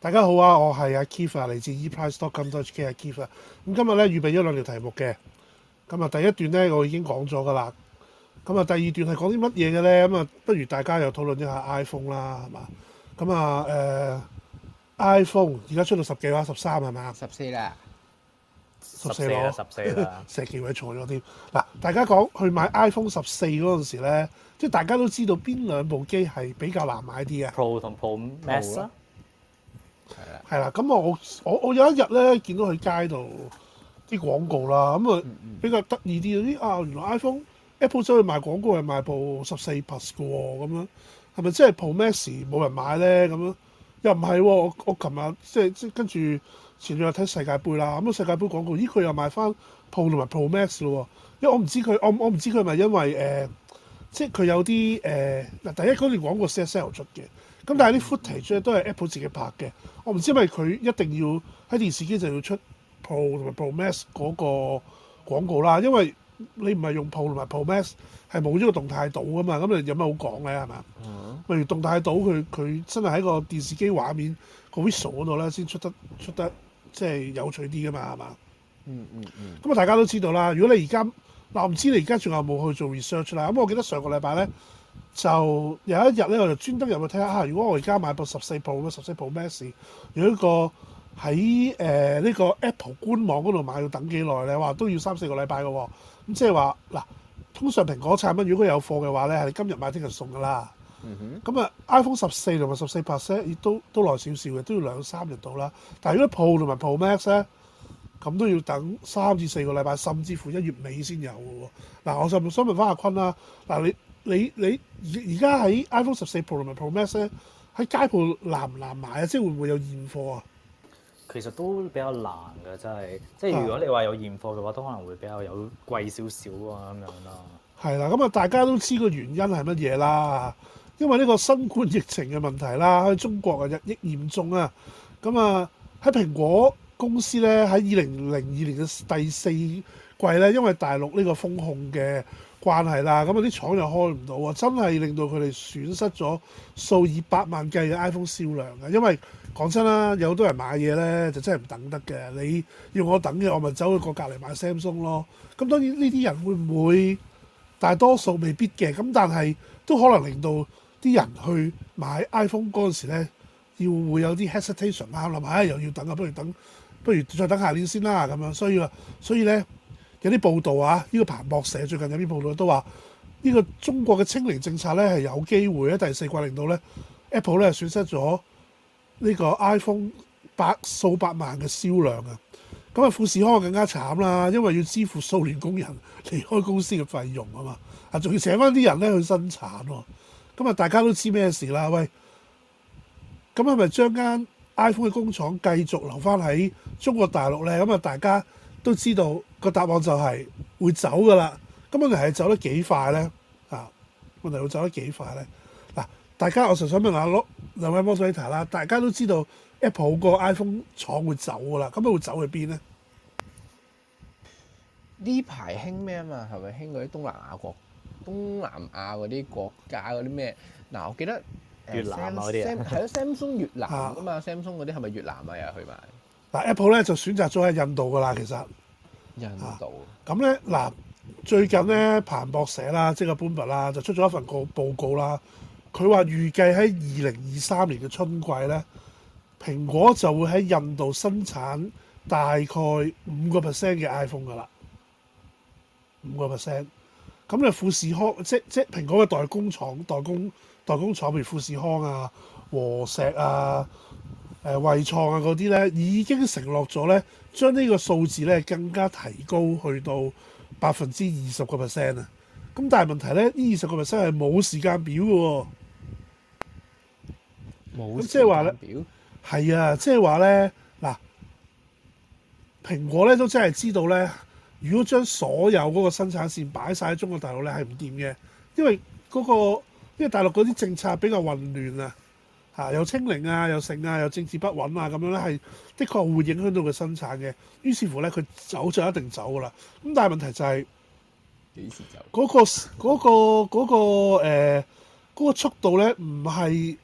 大家好啊，我係阿 Kifa，嚟自 ePrice Talk。咁多謝啊 Kifa。咁今日咧，預備咗兩條題目嘅。咁啊，第一段咧我已經講咗噶啦。咁啊，第二段係講啲乜嘢嘅咧？咁啊，不如大家又討論一下、呃、iPhone 啦，係嘛？咁啊，誒，iPhone 而家出到十幾啦，十三係嘛？十四啦。十四啦，十四啦，石奇偉錯咗添。嗱，大家講去買 iPhone 十四嗰陣時咧，即係大家都知道邊兩部機係比較難買啲啊？Pro 同 Pro Max 係啦，係啦。咁啊，了的我我我有一日咧見到佢街度啲廣告啦，咁啊比較得意啲啲啊，原來 iPhone Apple 走去賣廣告係賣部十四 Plus 嘅喎，咁樣係咪真係 Pro Max 冇人買咧？咁樣又唔係喎，我我琴日即係即跟住。前兩日睇世界盃啦，咁啊世界盃廣告，咦佢又賣翻 Pro 同埋 Pro Max 嘞，啊，因為我唔知佢，我我唔知佢係咪因為誒、呃，即係佢有啲誒嗱第一嗰段廣告 CSL 出嘅，咁但係啲 footage 咧都係 Apple 自己拍嘅，我唔知係咪佢一定要喺電視機就要出 Pro 同埋 Pro Max 嗰個廣告啦，因為你唔係用 Pro 同埋 Pro Max 係冇呢個動態度噶嘛，咁你有咩好講咧係咪？例如動態度佢佢真係喺個電視機畫面，個 visual 嗰度咧先出得出得。出得即係有趣啲㗎嘛，係嘛、嗯？嗯嗯嗯。咁啊，大家都知道啦。如果你而家嗱，唔知你而家仲有冇去做 research 啦？咁我記得上個禮拜咧，就有一日咧，我就專登入去睇下啊。如果我而家買部十四 Pro 嘅十四 Pro Max 如果個喺誒呢個 Apple 官網嗰度買要等幾耐咧？哇，都要三四個禮拜嘅喎、哦。咁、嗯、即係話嗱，通常蘋果產品如果有貨嘅話咧，係今日買聽日送㗎啦。咁啊，iPhone 十四同埋十四 Plus 都都耐少少嘅，都要兩三日到啦。但係如果 Pro 同埋 Pro Max 咧，咁都要等三至四個禮拜，甚至乎一月尾先有嘅喎。嗱，我想想問翻阿坤啦、啊。嗱，你你你而而家喺 iPhone 十四 Pro 同埋 Pro Max 咧，喺街鋪難唔難買啊？即係會唔會有現貨啊？其實都比較難嘅，真係。即係如果你話有現貨嘅話，都可能會比較有貴少少啊咁樣咯。係啦，咁啊，啊大家都知個原因係乜嘢啦。因為呢個新冠疫情嘅問題啦，喺中國啊日益嚴重啊，咁啊喺蘋果公司呢，喺二零零二年嘅第四季呢，因為大陸呢個封控嘅關係啦，咁啊啲廠又開唔到啊，真係令到佢哋損失咗數以百萬計嘅 iPhone 銷量啊！因為講真啦，有好多人買嘢呢，就真係唔等得嘅，你要我等嘅，我咪走去過隔籬買 Samsung 咯。咁、嗯、當然呢啲人會唔會大多數未必嘅，咁、嗯、但係都可能令到。啲人去買 iPhone 嗰陣時咧，要會，會有啲 hesitation 啦，諗、哎、又要等啊，不如等，不如再等下年先啦咁樣。所以話，所以咧有啲報道啊，呢、呢個彭博社最近有啲報道都話，呢、呢個中國嘅清零政策咧係有機會咧，第四季令到咧 Apple 咧損失咗呢個 iPhone 百數百萬嘅銷量啊。咁啊，富士康更加慘啦，因為要支付數年工人離開公司嘅費用啊嘛，啊仲要請翻啲人咧去生產喎、啊。咁啊，大家都知咩事啦？喂，咁啊，係咪將間 iPhone 嘅工廠繼續留翻喺中國大陸咧？咁啊，大家都知道個答案就係會走噶啦。咁問題係走得幾快咧？啊，問題會走得幾快咧？嗱、啊，大家我純想問下、啊、兩位 Moderator 啦，大家都知道 Apple 個 iPhone 廠會走噶啦，咁啊會走去邊咧？呢排興咩啊？嘛係咪興嗰啲東南亞國？東南亞嗰啲國家嗰啲咩？嗱，我記得越南嗰啲啊，係咯，Samsung 越南噶嘛，Samsung 嗰啲係咪越南啊？又去買，嗱，Apple 咧就選擇咗喺印度噶啦，其實印度咁咧嗱，最近咧彭博社啦，即係 Bloomberg 啊，就出咗一份個報告啦。佢話預計喺二零二三年嘅春季咧，蘋果就會喺印度生產大概五個 percent 嘅 iPhone 噶啦，五個 percent。咁咧富士康即即蘋果嘅代工廠、代工代工廠，譬如富士康啊、和碩啊、誒、呃、緯創啊嗰啲咧，已經承諾咗咧，將呢個數字咧更加提高去到百分之二十個 percent 啊！咁但係問題咧，呢二十個 percent 係冇時間表嘅喎，哦，冇時間表咁即係話咧，係啊，即係話咧，嗱蘋果咧都真係知道咧。如果將所有嗰個生產線擺晒喺中國大陸咧，係唔掂嘅，因為嗰個因為大陸嗰啲政策比較混亂啊，嚇又清零啊，又剩啊，又政治不穩啊，咁樣咧係的確會影響到佢生產嘅。於是乎咧，佢走就一定走噶啦。咁但係問題就係幾時走？嗰個嗰個嗰個呃嗰個速度咧，唔係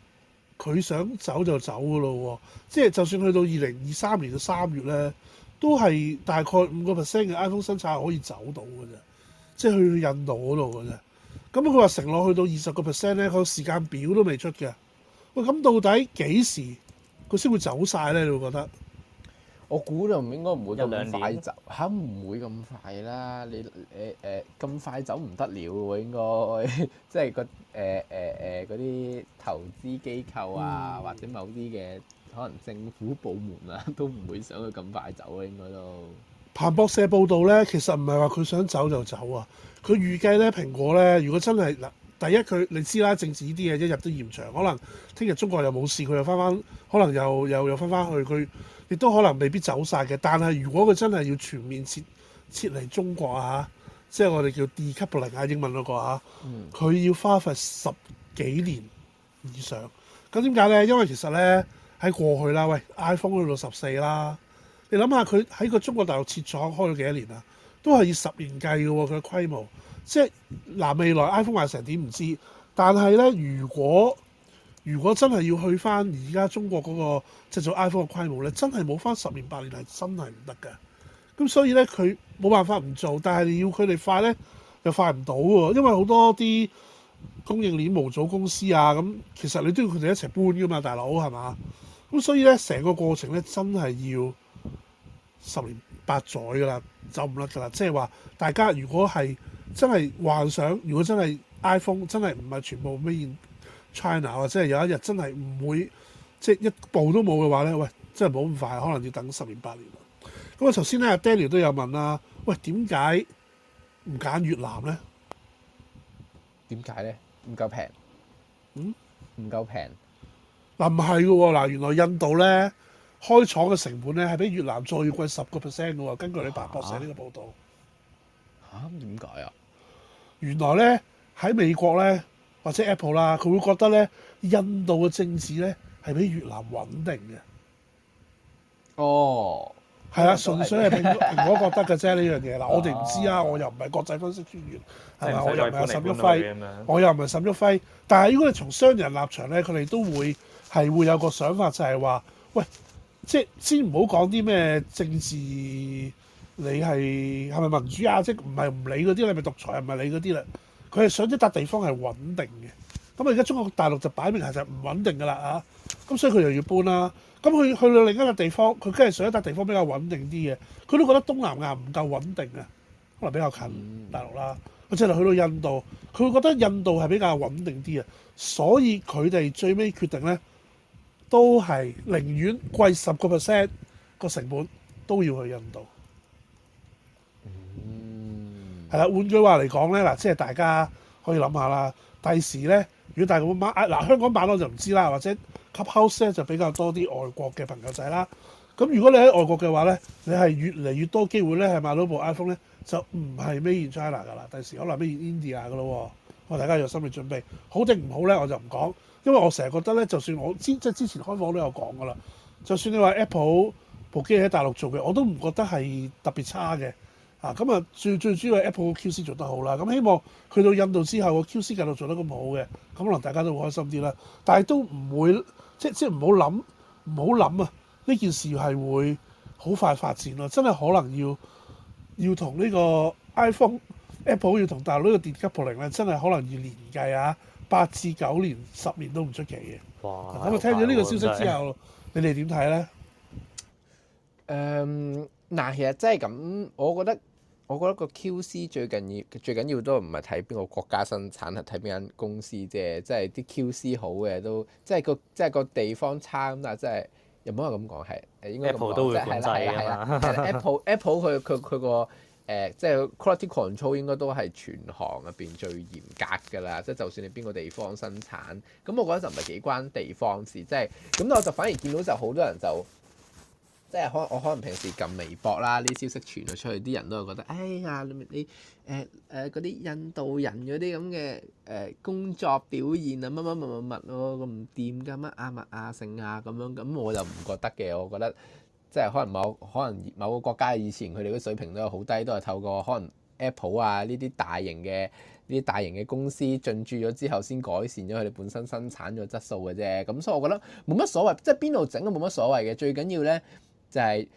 佢想走就走噶咯。即係就算去到二零二三年嘅三月咧。都係大概五個 percent 嘅 iPhone 生產係可以走到嘅啫，即係去印度嗰度嘅啫。咁佢話承諾去到二十個 percent 咧，佢時間表都未出嘅。喂，咁到底幾時佢先會走晒咧？你會覺得？我估就應該唔會咁快走，嚇唔年、啊、會咁快啦。你誒誒咁快走唔得了喎、啊，應該即係個誒誒誒嗰啲投資機構啊，嗯、或者某啲嘅。可能政府部門啦、啊，都唔會想佢咁快走啊。應該都彭博社報道呢，其實唔係話佢想走就走啊。佢預計呢，蘋果呢，如果真係嗱，第一佢你知啦，政治呢啲嘢一入都延長。可能聽日中國又冇事，佢又翻翻，可能又又又翻翻去，佢亦都可能未必走晒嘅。但係如果佢真係要全面撤撤離中國啊，即係我哋叫 de-coupling 啊，英文嗰個佢、啊嗯、要花費十幾年以上。咁點解呢？因為其實呢。喺過去啦，喂，iPhone 去到十四啦，你諗下佢喺個中國大陸設廠開咗幾多年啊？都係以十年計嘅喎，佢嘅規模。即係嗱、啊，未來 iPhone 賣成點唔知？但係咧，如果如果真係要去翻而家中國嗰個製造 iPhone 嘅規模咧，真係冇翻十年八年係真係唔得㗎。咁所以咧，佢冇辦法唔做，但係你要佢哋快咧，又快唔到喎，因為好多啲供應鏈模組公司啊，咁其實你都要佢哋一齊搬噶嘛，大佬係嘛？咁所以咧，成個過程咧，真係要十年八載噶啦，走唔甩噶啦。即係話，大家如果係真係幻想，如果真係 iPhone 真係唔係全部 Made in China 或者係有一日真係唔會即係一步都冇嘅話咧，喂，真係冇咁快，可能要等十年八年啦。咁啊，頭先咧阿 Daniel 都有問啦，喂，點解唔揀越南咧？點解咧？唔夠平，嗯，唔夠平。嗱，唔係嘅喎，嗱，原來印度咧開廠嘅成本咧係比越南再貴十個 percent 嘅喎。根據你爸爸寫呢個報道，嚇點解啊？原來咧喺美國咧或者 Apple 啦，佢會覺得咧印度嘅政治咧係比越南穩定嘅。哦，係啊，純粹係蘋果覺得嘅啫，呢樣嘢。嗱，我哋唔知啊，我又唔係國際分析專員，係咪？我又唔係阿沈旭輝，我又唔係沈旭輝。但係如果你從商人立場咧，佢哋都會。係會有個想法，就係話，喂，即係先唔好講啲咩政治，你係係咪民主啊？即係唔係唔理嗰啲，你咪獨裁？係咪你嗰啲啦？佢係想一笪地方係穩定嘅。咁而家中國大陸就擺明係就唔穩定噶啦啊！咁所以佢又要搬啦。咁佢去到另一笪地方，佢梗係想一笪地方比較穩定啲嘅。佢都覺得東南亞唔夠穩定啊，可能比較近大陸啦。佢即係去到印度，佢會覺得印度係比較穩定啲啊。所以佢哋最尾決定咧。都係寧願貴十個 percent 個成本都要去印度。嗯，係啦。換句話嚟講咧，嗱，即係大家可以諗下啦。第時咧，如果大家會買啊，嗱香港版，我就唔知啦，或者 Clubhouse 咧就比較多啲外國嘅朋友仔啦。咁如果你喺外國嘅話咧，你係越嚟越多機會咧，係買到部 iPhone 咧就唔係 Made in China 㗎啦。第時可能 Made in India 㗎咯喎。大家有心理準備，好定唔好呢？我就唔講，因為我成日覺得呢，就算我之即係之前開房都有講噶啦，就算你話 Apple 部機喺大陸做嘅，我都唔覺得係特別差嘅，啊咁啊最最主要係 Apple 個 QC 做得好啦，咁希望去到印度之後個 QC 繼續做得咁好嘅，咁可能大家都會開心啲啦，但係都唔會即即唔好諗，唔好諗啊呢件事係會好快發展咯，真係可能要要同呢個 iPhone。Apple 要同大陸呢個電級破零咧，真係可能要年計啊，八至九年、十年都唔出奇嘅。哇！咁我，聽咗呢個消息之後，你哋點睇咧？誒，嗱，其實真係咁，我覺得，我覺得個 QC 最緊要最緊要都唔係睇邊個國家生產，係睇邊間公司啫。即係啲 QC 好嘅都，即係個即係個地方差咁但即係又唔可以咁講，係誒，應該 Apple 都會管制 Apple Apple 佢佢佢個。誒、嗯，即係 quality control 應該都係全行入邊最嚴格㗎啦。即係就算你邊個地方生產，咁我覺得就唔係幾關地方事。即係咁，我就反而見到就好多人就，即係可我可能平時撳微博啦，呢消息傳咗出去，啲人都係覺得，哎呀你你誒嗰啲印度人嗰啲咁嘅誒工作表現啊乜乜乜乜乜咯，咁唔掂㗎乜啊，乜啊，成啊咁樣，咁、啊啊啊啊、我就唔覺得嘅，我覺得。即係可能某可能某個國家以前佢哋啲水平都係好低，都係透過可能 Apple 啊呢啲大型嘅呢啲大型嘅公司進駐咗之後，先改善咗佢哋本身生產嘅質素嘅啫。咁所以我覺得冇乜所謂，即係邊度整都冇乜所謂嘅。最緊要咧就係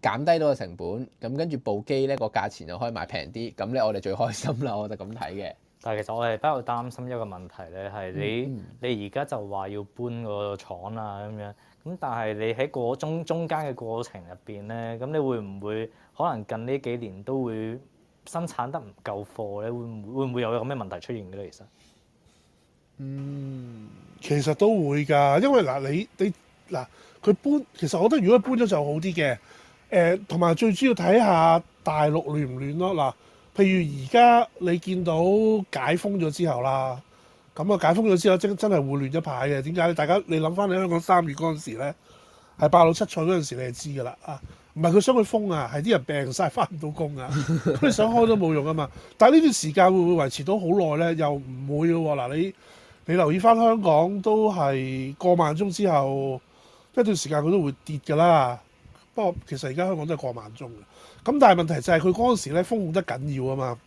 減低到個成本，咁跟住部機咧個價錢就可以賣平啲。咁咧我哋最開心啦，我就咁睇嘅。但係其實我係比較擔心一個問題咧，係你、嗯、你而家就話要搬個廠啊咁樣，咁但係你喺嗰中中間嘅過程入邊咧，咁你會唔會可能近呢幾年都會生產得唔夠貨咧？會會唔會有有咩問題出現嘅咧？其實，嗯，其實都會㗎，因為嗱你你嗱佢搬，其實我覺得如果搬咗就好啲嘅，誒、呃，同埋最主要睇下大陸亂唔亂咯，嗱。譬如而家你見到解封咗之後啦，咁啊解封咗之後真真係混亂一排嘅。點解？大家你諗翻你香港三月嗰陣時咧，係八六七賽嗰陣時你就，你係知㗎啦啊！唔係佢想去封啊，係啲人病晒翻唔到工啊，佢 想開都冇用啊嘛。但係呢段時間會唔會維持到好耐呢？又唔會咯喎！嗱，你你留意翻香港都係過萬宗之後一段時間佢都會跌㗎啦。不過其實而家香港都係過萬宗。咁但係問題就係佢嗰陣時咧封控得緊要啊嘛，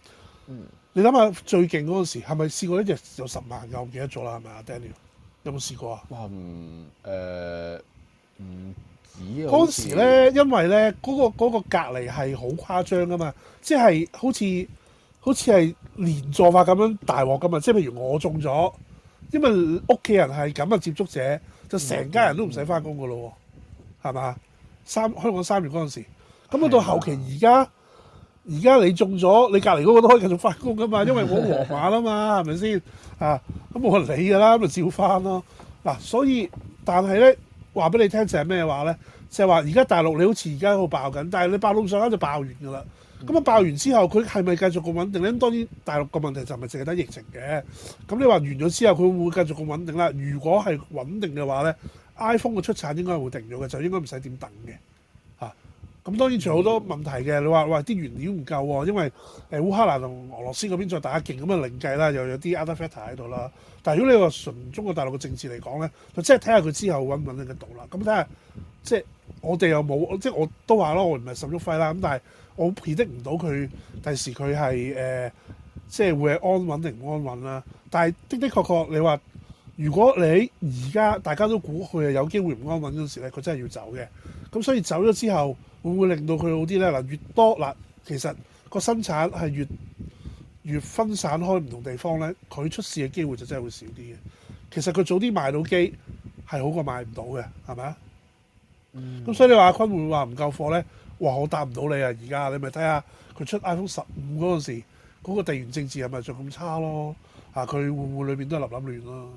嗯、你諗下最勁嗰陣時係咪試過一日有十萬㗎？我唔記得咗啦，係咪啊，Daniel？有冇試過啊？哇、嗯，唔誒唔止啊！嗰陣時咧，嗯、因為咧嗰、嗰個嗰個隔離係好誇張啊嘛，即係好似好似係連坐法咁樣大鑊噶嘛，即係譬如我中咗，因為屋企人係咁嘅接觸者，就成家人都唔使翻工㗎咯喎，係咪、嗯嗯？三香港三月嗰陣時。咁啊，到後期而家，而家、啊、你中咗，你隔離嗰個都可以繼續返工噶嘛，因為我和法啦嘛，係咪先？啊，咁我理㗎啦，咪照返咯。嗱、啊，所以但係咧，話俾你聽就係咩話咧？就係話而家大陸你好似而家喺度爆緊，但係你爆到咁上下就爆完㗎啦。咁啊，爆完之後佢係咪繼續咁穩定咧？當然大陸個問題就唔係淨係得疫情嘅。咁你話完咗之後，佢會唔會繼續咁穩定啦？如果係穩定嘅話咧，iPhone 嘅出產應該會定咗嘅，就應該唔使點等嘅。咁當然仲有好多問題嘅，你話話啲原料唔夠喎、哦，因為誒烏克蘭同俄羅斯嗰邊再打一勁咁嘅零計啦，又有啲 other factor 喺度啦。但係如果你話純中國大陸嘅政治嚟講咧，就即係睇下佢之後穩唔穩得度啦。咁睇下即係我哋又冇，即係我，我都話咯，我唔係十足輝啦。咁但係我 predict 唔到佢第時佢係誒即係會係安穩定唔安穩啦。但係的的確確你話，如果你而家大家都估佢係有機會唔安穩嗰時咧，佢真係要走嘅。咁所以走咗之後。會唔會令到佢好啲咧？嗱，越多嗱，其實個生產係越越分散開唔同地方咧，佢出事嘅機會就真係會少啲嘅。其實佢早啲賣到機係好過賣唔到嘅，係咪啊？嗯。咁所以你話阿坤會唔會話唔夠貨咧？哇！我答唔到你啊！而家你咪睇下佢出 iPhone 十五嗰陣時，嗰個地緣政治係咪仲咁差咯？啊！佢會唔會裏邊都係立立亂咯？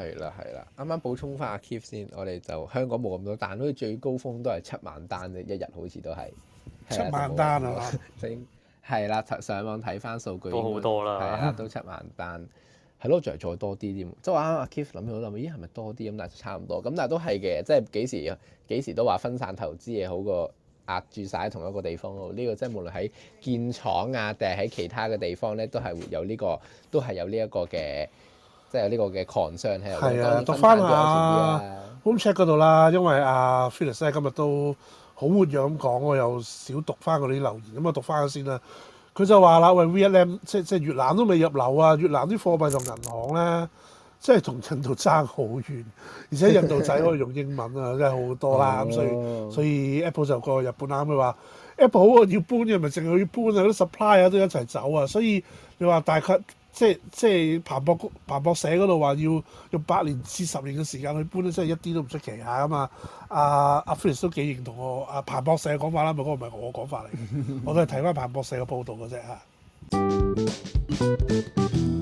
係啦，係啦。啱啱補充翻阿 Kief 先，我哋就香港冇咁多單，但好似最高峰都係七萬單啫，一日好似都係七萬單啊！正係啦，上網睇翻數據都好多啦，係啊，都七萬單。係咯，就係再多啲添。即係啱啱阿 Kief 諗到諗，咦係咪多啲咁？但係差唔多。咁但係都係嘅，即係幾時幾時都話分散投資嘢好過壓住晒同一個地方。呢個即係無論喺建廠啊，定係喺其他嘅地方咧，都係會有呢個，都係有呢一個嘅。即係呢個嘅 concern 係。係啊，讀翻下 Room Chat 嗰度啦，因為阿、啊、Felix 咧、啊、今日都好活躍咁講，我又少讀翻佢啲留言，咁、嗯、啊讀翻先啦。佢就話啦，喂 Vietnam，即係即係越南都未入流啊，越南啲貨幣同銀行咧，即係同印度爭好遠，而且印度仔可以用英文啊， 真係好多啦。咁 所以所以 Apple 就過去日本啦，佢話 Apple 要搬又咪淨係要搬啊，啲 supplier 啊都一齊走啊，所以你話大概。即係即係彭博彭博社嗰度話要用八年至十年嘅時間去搬咧，真係一啲都唔出奇嚇噶嘛！阿阿 Felix 都幾認同我阿、啊、彭博社嘅講法啦，咪係嗰個，唔係我講法嚟， 我都係睇翻彭博社嘅報道嘅啫嚇。啊